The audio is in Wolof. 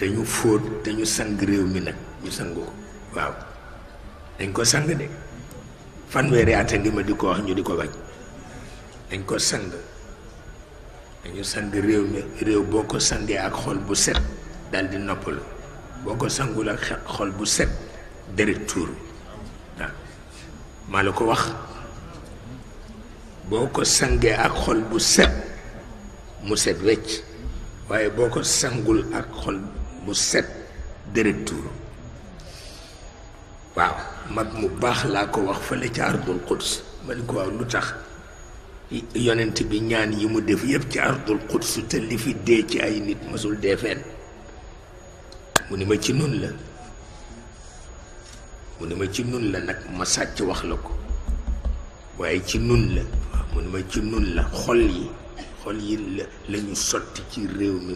te ñu fóot te sang réew mi nag ñu sang ko waaw dañ ko sang de fanweeri at ngi ma di ko wax ñu di ko bañ dañ ko sang dañu sang réew mi réew boo ko sangee ak xol bu set dal di noppalu boo ko sangul ak xol bu set deret tuuru maa la ko wax boo ko sangee ak xol bu set mu set wecc waaye boo ko sangul ak xol bu set deret tuuru waaw mag mu baax laa ko wax fële ca ardul quds ma ni ko waaw lu tax yonent bi ñaan yi mu def yépp ci ardul quds te li fi dee ci ay nit masul dee fenn mu ni ma ci nun la mu ni ma ci nun la nag ma sàcc wax la ko waaye ci nun la mu ni ma ci nun la xol yi xol yi la lañu sotti ci réew mi